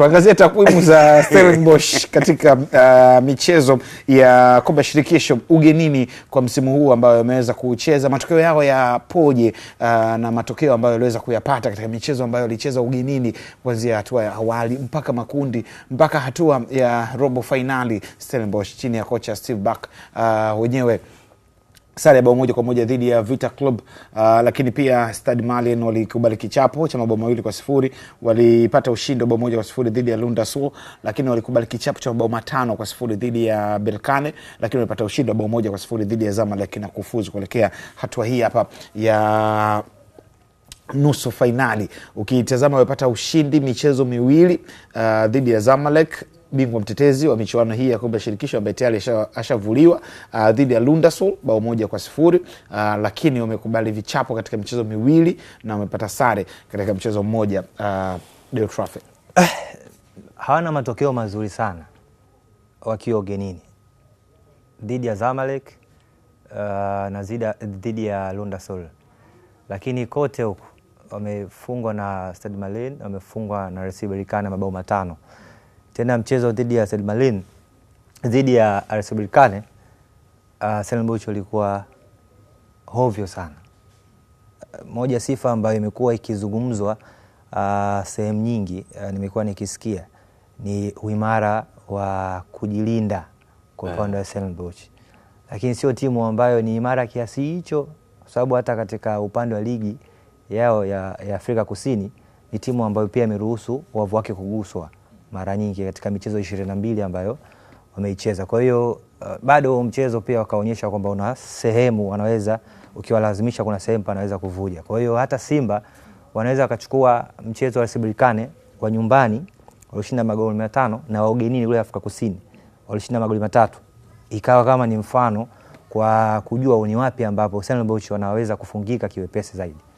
Tuangazie takwimu za Stellenbosch katika uh, michezo ya kombe shirikisho ugenini kwa msimu huu ambayo wameweza kucheza. Matokeo yao yapoje? Uh, na matokeo ambayo waliweza kuyapata katika michezo ambayo walicheza ugenini kuanzia hatua ya awali mpaka makundi mpaka hatua ya robo fainali, Stellenbosch chini ya kocha Steve Barker uh, wenyewe sare ya bao moja kwa moja dhidi ya Vita Club. Uh, lakini pia Stade Malien walikubali kichapo cha mabao mawili kwa sifuri. Walipata ushindi wa bao moja kwa sifuri dhidi ya Lunda Sul, lakini walikubali kichapo cha mabao matano kwa sifuri dhidi ya Berkane, lakini walipata ushindi wa bao moja kwa sifuri dhidi ya Zamalek na kufuzu kuelekea hatua hii hapa ya nusu fainali. Ukitazama wamepata ushindi michezo miwili uh, dhidi ya Zamalek bingwa mtetezi wa michuano hii ya kombe la shirikisho ambaye tayari ashavuliwa uh, dhidi ya Lundasul bao moja kwa sifuri uh, lakini wamekubali vichapo katika michezo miwili na wamepata sare katika mchezo mmoja uh, Del Eh, hawana matokeo mazuri sana wakiwa ugenini dhidi ya Zamalek uh, na dhidi ya Lundasul, lakini kote huku wamefungwa na Stade Malien, wamefungwa na RS Berkane mabao matano tena mchezo dhidi ya Selmalin dhidi ya RS Berkane uh, Stellenbosch walikuwa hovyo sana. Moja sifa ambayo imekuwa ikizungumzwa uh, sehemu nyingi uh, nimekuwa nikisikia ni uimara wa kujilinda kwa eh. upande wa Stellenbosch, lakini sio timu ambayo ni imara kiasi hicho, kwa sababu hata katika upande wa ligi yao ya, ya Afrika Kusini ni timu ambayo pia imeruhusu wavu wake kuguswa mara nyingi katika michezo ishirini na mbili ambayo wameicheza. Kwa hiyo uh, bado mchezo pia wakaonyesha kwamba una sehemu wanaweza ukiwalazimisha, kuna sehemu panaweza kuvuja. Kwa hiyo hata Simba wanaweza wakachukua mchezo wa Sibirikane wa nyumbani walishinda magoli matano na waugenini kule Afrika Kusini walishinda magoli matatu, ikawa kama ni mfano kwa kujua ni wapi ambapo Stellenbosch wanaweza kufungika kiwepesi zaidi.